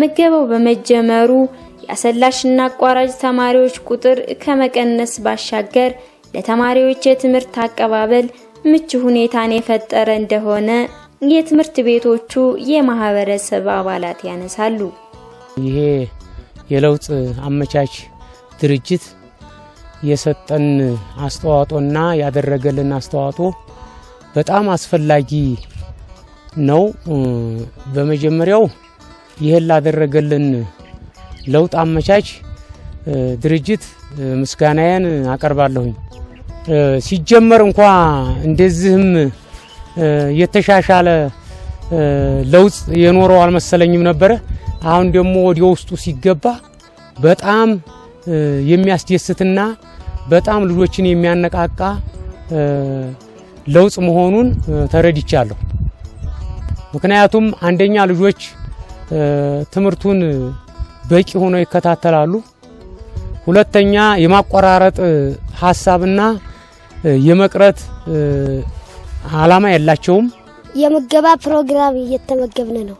ምገባው በመጀመሩ የአሰላሽና አቋራጭ ተማሪዎች ቁጥር ከመቀነስ ባሻገር ለተማሪዎች የትምህርት አቀባበል ምቹ ሁኔታን የፈጠረ እንደሆነ የትምህርት ቤቶቹ የማህበረሰብ አባላት ያነሳሉ። ይሄ የለውጥ አመቻች ድርጅት የሰጠን አስተዋጽኦና ያደረገልን አስተዋጽኦ በጣም አስፈላጊ ነው። በመጀመሪያው ይህን ላደረገልን ለውጥ አመቻች ድርጅት ምስጋናዬን አቀርባለሁኝ። ሲጀመር እንኳ እንደዚህም የተሻሻለ ለውጥ የኖረው አልመሰለኝም ነበረ። አሁን ደግሞ ወደ ውስጡ ሲገባ በጣም የሚያስደስትና በጣም ልጆችን የሚያነቃቃ ለውጥ መሆኑን ተረድቻለሁ። ምክንያቱም አንደኛ ልጆች ትምህርቱን በቂ ሆኖ ይከታተላሉ። ሁለተኛ የማቆራረጥ ሀሳብና የመቅረት አላማ የላቸውም። የምገባ ፕሮግራም እየተመገብን ነው።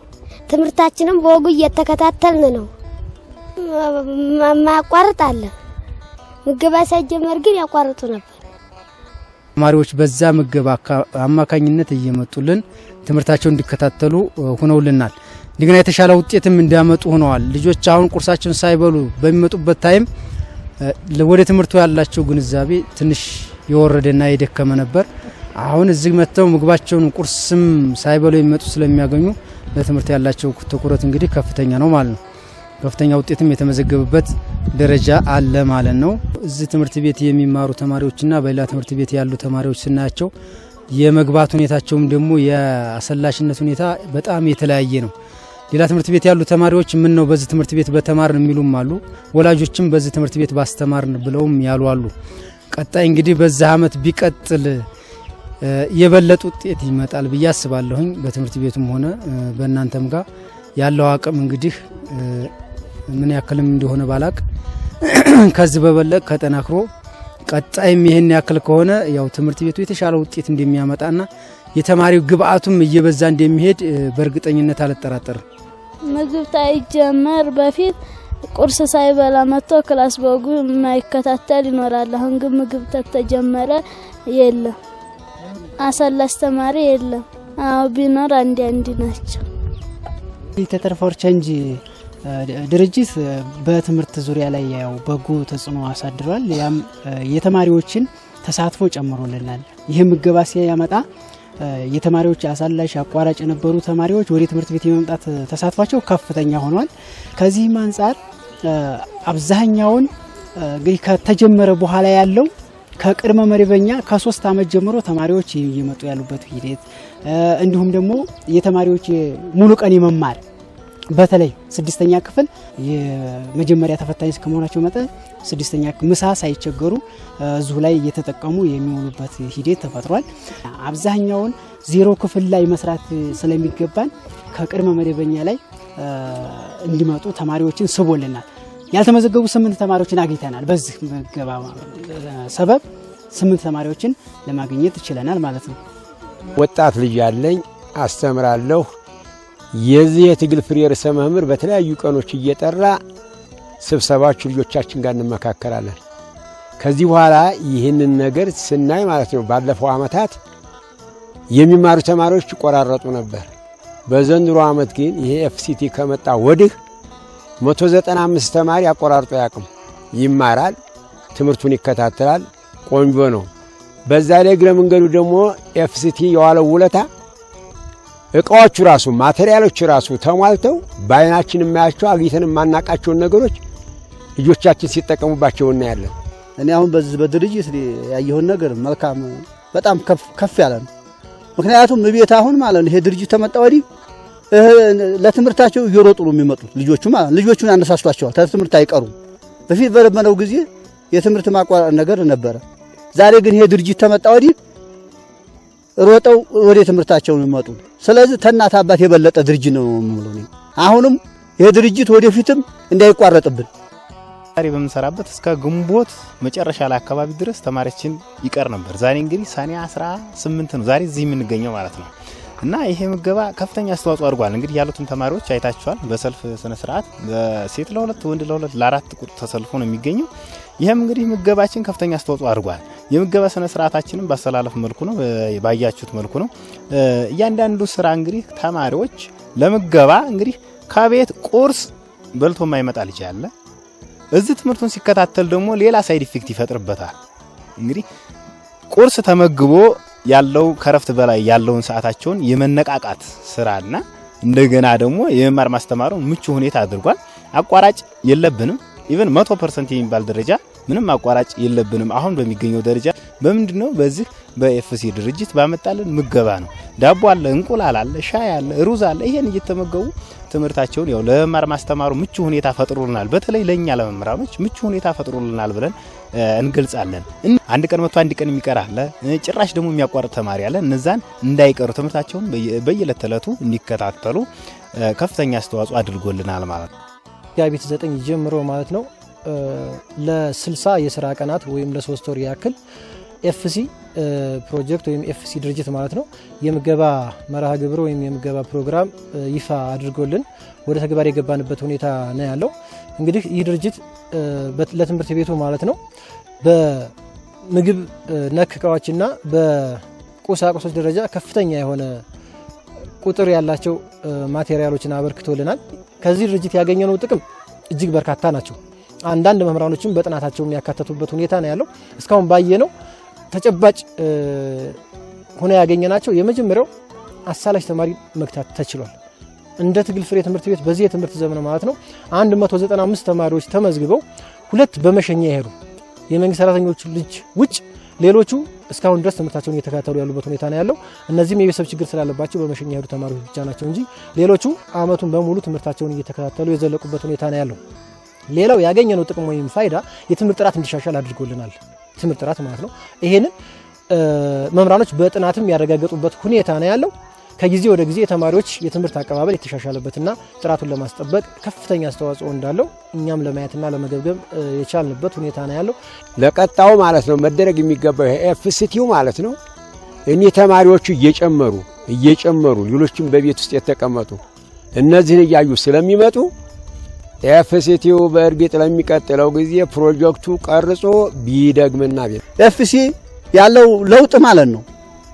ትምህርታችንም በወጉ እየተከታተልን ነው። ማቋረጥ አለ። ምገባ ሳይጀመር ግን ያቋርጡ ነበር። ተማሪዎች በዛ ምግብ አማካኝነት እየመጡልን ትምህርታቸውን እንዲከታተሉ ሆነውልናል። እንደገና የተሻለ ውጤትም እንዲያመጡ ሆነዋል። ልጆች አሁን ቁርሳቸውን ሳይበሉ በሚመጡበት ታይም ወደ ትምህርቱ ያላቸው ግንዛቤ ትንሽ የወረደና የደከመ ነበር። አሁን እዚህ መጥተው ምግባቸውን ቁርስም ሳይበሉ የሚመጡ ስለሚያገኙ ለትምህርት ያላቸው ትኩረት እንግዲህ ከፍተኛ ነው ማለት ነው። ከፍተኛ ውጤትም የተመዘገበበት ደረጃ አለ ማለት ነው። እዚህ ትምህርት ቤት የሚማሩ ተማሪዎችና በሌላ ትምህርት ቤት ያሉ ተማሪዎች ስናያቸው የመግባት ሁኔታቸውም ደግሞ የአሰላሽነት ሁኔታ በጣም የተለያየ ነው። ሌላ ትምህርት ቤት ያሉ ተማሪዎች ምን ነው በዚህ ትምህርት ቤት በተማርን የሚሉም አሉ። ወላጆችም በዚህ ትምህርት ቤት ባስተማርን ብለውም ያሉ አሉ። ቀጣይ እንግዲህ በዚህ ዓመት ቢቀጥል የበለጠ ውጤት ይመጣል ብዬ አስባለሁኝ። በትምህርት ቤቱም ሆነ በእናንተም ጋር ያለው አቅም እንግዲህ ምን ያክልም እንደሆነ ባላቅ ከዚህ በበለቅ ከጠናክሮ ቀጣይም ይህን ያክል ከሆነ ያው ትምህርት ቤቱ የተሻለ ውጤት እንደሚያመጣና የተማሪው ግብአቱም እየበዛ እንደሚሄድ በእርግጠኝነት አልጠራጠርም። ምግብ ታይጀመር በፊት ቁርስ ሳይበላ መጥቶ ክላስ በጉ የማይከታተል ይኖራል። አሁን ግን ምግብ ተተጀመረ የለም፣ አሰላስ ተማሪ የለም። አዎ ቢኖር አንድ አንድ ናቸው። ተተርፎር ቸንጂ ድርጅት በትምህርት ዙሪያ ላይ ያው በጎ ተጽዕኖ አሳድሯል። ያም የተማሪዎችን ተሳትፎ ጨምሮልናል። ይህ ምገባ ሲያመጣ የተማሪዎች አሳላሽ አቋራጭ የነበሩ ተማሪዎች ወደ ትምህርት ቤት የመምጣት ተሳትፏቸው ከፍተኛ ሆኗል። ከዚህም አንጻር አብዛኛውን እንግዲህ ከተጀመረ በኋላ ያለው ከቅድመ መደበኛ ከሶስት ዓመት ጀምሮ ተማሪዎች እየመጡ ያሉበት ሂደት እንዲሁም ደግሞ የተማሪዎች ሙሉ ቀን የመማር በተለይ ስድስተኛ ክፍል የመጀመሪያ ተፈታኝ ከመሆናቸው መጠን ስድስተኛ ምሳ ሳይቸገሩ እዚሁ ላይ እየተጠቀሙ የሚውሉበት ሂደት ተፈጥሯል። አብዛኛውን ዜሮ ክፍል ላይ መስራት ስለሚገባን ከቅድመ መደበኛ ላይ እንዲመጡ ተማሪዎችን ስቦልናል። ያልተመዘገቡ ስምንት ተማሪዎችን አግኝተናል። በዚህ ምገባ ሰበብ ስምንት ተማሪዎችን ለማግኘት ችለናል ማለት ነው። ወጣት ልጅ ያለኝ አስተምራለሁ የዚህ የትግል ፍሬ ርዕሰ መምህር በተለያዩ ቀኖች እየጠራ ስብሰባዎች ልጆቻችን ጋር እንመካከራለን። ከዚህ በኋላ ይህንን ነገር ስናይ ማለት ነው ባለፈው ዓመታት የሚማሩ ተማሪዎች ይቆራረጡ ነበር። በዘንድሮ ዓመት ግን ይሄ ኤፍሲቲ ከመጣ ወዲህ 195 ተማሪ አቆራርጦ ያቅም ይማራል፣ ትምህርቱን ይከታተላል። ቆንጆ ነው። በዛ ላይ እግረ መንገዱ ደግሞ ኤፍሲቲ የዋለው ውለታ እቃዎቹ ራሱ ማቴሪያሎቹ ራሱ ተሟልተው በአይናችን የማያቸው አግኝተን የማናቃቸውን ነገሮች ልጆቻችን ሲጠቀሙባቸው እናያለን። እኔ አሁን በዚህ በድርጅት ያየሁን ነገር መልካም በጣም ከፍ ያለ ነው። ምክንያቱም ቤት አሁን ማለት ነው ይሄ ድርጅት ተመጣ ወዲህ ለትምህርታቸው እየሮጡ ነው የሚመጡት ልጆቹ ማለት ልጆቹን ያነሳስቷቸዋል። ትምህርት አይቀሩም። በፊት በለመነው ጊዜ የትምህርት ማቋረጥ ነገር ነበረ። ዛሬ ግን ይሄ ድርጅት ተመጣ ወዲህ ሮጠው ወደ ትምህርታቸው ነው የሚመጡ። ስለዚህ ተእናት አባት የበለጠ ድርጅት ነው የምለው አሁንም ይህ ድርጅት ወደፊትም እንዳይቋረጥብን ዛሬ በምንሰራበት እስከ ግንቦት መጨረሻ ላይ አካባቢ ድረስ ተማሪዎችን ይቀር ነበር። ዛሬ እንግዲህ ሰኔ 18 ነው ዛሬ እዚህ የምንገኘው ማለት ነው። እና ይሄ ምገባ ከፍተኛ አስተዋጽኦ አድርጓል። እንግዲህ ያሉትን ተማሪዎች አይታችኋል። በሰልፍ ስነ ስርዓት ሴት ለሁለት ወንድ ለሁለት ለአራት ቁጥር ተሰልፎ ነው የሚገኘው። ይህም እንግዲህ ምገባችን ከፍተኛ አስተዋጽኦ አድርጓል። የምገባ ስነ ስርዓታችንም ባስተላለፍ መልኩ ነው፣ ባያችሁት መልኩ ነው። እያንዳንዱ ስራ እንግዲህ ተማሪዎች ለምገባ እንግዲህ ከቤት ቁርስ በልቶ የማይመጣ ልጅ አለ። እዚህ ትምህርቱን ሲከታተል ደግሞ ሌላ ሳይድ ኢፌክት ይፈጥርበታል። እንግዲህ ቁርስ ተመግቦ ያለው ከረፍት በላይ ያለውን ሰዓታቸውን የመነቃቃት ስራና እንደገና ደግሞ የመማር ማስተማሩን ምቹ ሁኔታ አድርጓል። አቋራጭ የለብንም። ኢቨን መቶ ፐርሰንት የሚባል ደረጃ ምንም አቋራጭ የለብንም። አሁን በሚገኘው ደረጃ በምንድን ነው? በዚህ በኤፍሲ ድርጅት ባመጣልን ምገባ ነው። ዳቦ አለ፣ እንቁላል አለ፣ ሻይ አለ፣ ሩዝ አለ። ይሄን እየተመገቡ ትምህርታቸውን ያው ለመማር ማስተማሩ ምቹ ሁኔታ ፈጥሮልናል። በተለይ ለእኛ ለመምህራኖች ምቹ ሁኔታ ፈጥሮልናል ብለን እንገልጻለን። አንድ ቀን መጥቶ አንድ ቀን የሚቀር አለ፣ ጭራሽ ደግሞ የሚያቋርጥ ተማሪ አለ። እነዛን እንዳይቀሩ ትምህርታቸውን በየዕለት ተዕለቱ እንዲከታተሉ ከፍተኛ አስተዋጽኦ አድርጎልናል ማለት ነው። ጋቢት ዘጠኝ ጀምሮ ማለት ነው ለ60 የስራ ቀናት ወይም ለሶስት ወር ያክል ኤፍሲ ፕሮጀክት ወይም ኤፍሲ ድርጅት ማለት ነው የምገባ መርሃ ግብር ወይም የምገባ ፕሮግራም ይፋ አድርጎልን ወደ ተግባር የገባንበት ሁኔታ ነው ያለው። እንግዲህ ይህ ድርጅት ለትምህርት ቤቱ ማለት ነው በምግብ ነክ እቃዎችና በቁሳቁሶች ደረጃ ከፍተኛ የሆነ ቁጥር ያላቸው ማቴሪያሎችን አበርክቶልናል። ከዚህ ድርጅት ያገኘነው ጥቅም እጅግ በርካታ ናቸው። አንዳንድ መምህራኖችም በጥናታቸው የሚያካተቱበት ሁኔታ ነው ያለው። እስካሁን ባየነው ተጨባጭ ሆነ ያገኘናቸው የመጀመሪያው አሳላሽ ተማሪ መግታት ተችሏል። እንደ ትግል ፍሬ ትምህርት ቤት በዚህ የትምህርት ዘመን ማለት ነው 195 ተማሪዎች ተመዝግበው ሁለት በመሸኛ ይሄዱ የመንግስት ሰራተኞች ልጅ ውጭ ሌሎቹ እስካሁን ድረስ ትምህርታቸውን እየተከታተሉ ያሉበት ሁኔታ ነው ያለው። እነዚህም የቤተሰብ ችግር ስላለባቸው በመሸኛ የሄዱ ተማሪዎች ብቻ ናቸው እንጂ ሌሎቹ አመቱን በሙሉ ትምህርታቸውን እየተከታተሉ የዘለቁበት ሁኔታ ነው ያለው። ሌላው ያገኘነው ጥቅም ወይም ፋይዳ የትምህርት ጥራት እንዲሻሻል አድርጎልናል። ትምህርት ጥራት ማለት ነው። ይሄንን መምህራኖች በጥናትም ያረጋገጡበት ሁኔታ ነው ያለው። ከጊዜ ወደ ጊዜ የተማሪዎች የትምህርት አቀባበል የተሻሻለበትና ጥራቱን ለማስጠበቅ ከፍተኛ አስተዋጽኦ እንዳለው እኛም ለማየትና ለመገብገብ የቻልንበት ሁኔታ ነው ያለው። ለቀጣው ማለት ነው መደረግ የሚገባው ኤፍሲቲው ማለት ነው እኒህ ተማሪዎቹ እየጨመሩ እየጨመሩ ሌሎችም በቤት ውስጥ የተቀመጡ እነዚህን እያዩ ስለሚመጡ ኤፍሲቲው በእርግጥ ለሚቀጥለው ጊዜ ፕሮጀክቱ ቀርጾ ቢደግምና ቤት ኤፍሲ ያለው ለውጥ ማለት ነው።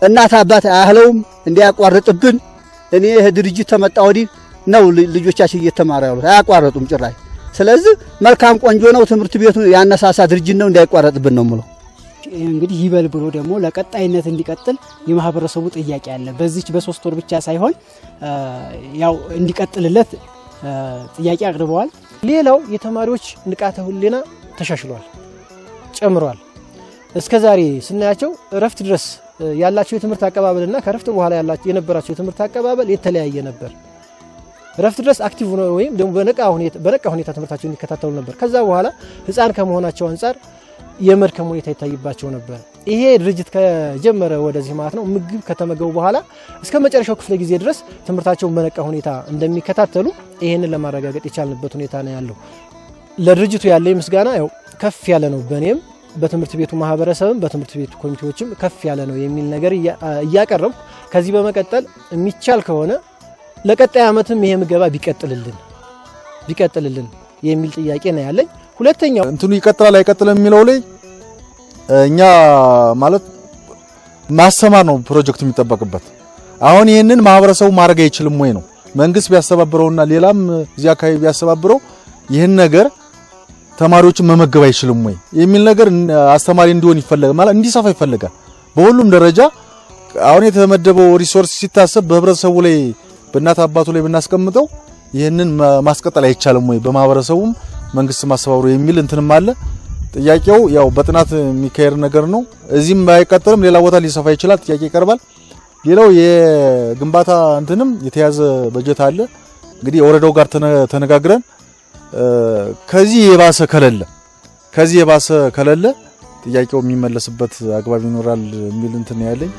እናት አባት አያህለውም እንዲያቋርጥብን። እኔ ይህ ድርጅት ተመጣ ወዲህ ነው ልጆቻችን እየተማሩ ያሉት አያቋረጡም ጭራሽ። ስለዚህ መልካም ቆንጆ ነው። ትምህርት ቤቱ ያነሳሳ ድርጅት ነው፣ እንዳይቋረጥብን ነው ምለው። እንግዲህ ይበል ብሎ ደግሞ ለቀጣይነት እንዲቀጥል የማህበረሰቡ ጥያቄ አለ። በዚች በሶስት ወር ብቻ ሳይሆን ያው እንዲቀጥልለት ጥያቄ አቅርበዋል። ሌላው የተማሪዎች ንቃተ ሕሊና ተሻሽሏል፣ ጨምሯል። እስከ ዛሬ ስናያቸው እረፍት ድረስ ያላቸው የትምህርት አቀባበልና ከእረፍት በኋላ የነበራቸው የትምህርት አቀባበል የተለያየ ነበር። እረፍት ድረስ አክቲቭ ወይም ደግሞ በነቃ ሁኔታ ትምህርታቸውን ይከታተሉ ነበር። ከዛ በኋላ ህፃን ከመሆናቸው አንጻር የመድከም ሁኔታ ይታይባቸው ነበር። ይሄ ድርጅት ከጀመረ ወደዚህ ማለት ነው ምግብ ከተመገቡ በኋላ እስከ መጨረሻው ክፍለ ጊዜ ድረስ ትምህርታቸውን በነቃ ሁኔታ እንደሚከታተሉ ይህንን ለማረጋገጥ የቻልንበት ሁኔታ ነው ያለው። ለድርጅቱ ያለ ምስጋና ያው ከፍ ያለ ነው። በእኔም በትምህርት ቤቱ ማህበረሰብም በትምህርት ቤቱ ኮሚቴዎችም ከፍ ያለ ነው የሚል ነገር እያቀረብኩ ከዚህ በመቀጠል የሚቻል ከሆነ ለቀጣይ ዓመትም ይሄ ምገባ ቢቀጥልልን ቢቀጥልልን የሚል ጥያቄ ነው ያለኝ። ሁለተኛው እንትኑ ይቀጥላል አይቀጥልም የሚለው ላይ እኛ ማለት ማስተማር ነው ፕሮጀክት የሚጠበቅበት። አሁን ይህንን ማህበረሰቡ ማድረግ አይችልም ወይ ነው መንግስት ቢያስተባብረውና ሌላም እዚህ አካባቢ ቢያስተባብረው ይህን ነገር ተማሪዎችን መመገብ አይችልም ወይ የሚል ነገር አስተማሪ እንዲሆን ይፈልጋል ማለት እንዲሰፋ ይፈልጋል። በሁሉም ደረጃ አሁን የተመደበው ሪሶርስ ሲታሰብ በህብረተሰቡ ላይ በእናት አባቱ ላይ ብናስቀምጠው ይህንን ማስቀጠል አይቻልም ወይ በማህበረሰቡም መንግስት ማስተባብሮ የሚል እንትንም አለ። ጥያቄው ያው በጥናት የሚካሄድ ነገር ነው። እዚህም ባይቀጥልም ሌላ ቦታ ሊሰፋ ይችላል። ጥያቄ ይቀርባል። ሌላው የግንባታ እንትንም የተያዘ በጀት አለ። እንግዲህ የወረዳው ጋር ተነጋግረን ከዚህ የባሰ ከለለ ከዚህ የባሰ ከለለ ጥያቄው የሚመለስበት አግባብ ይኖራል የሚል እንትን ያለኝ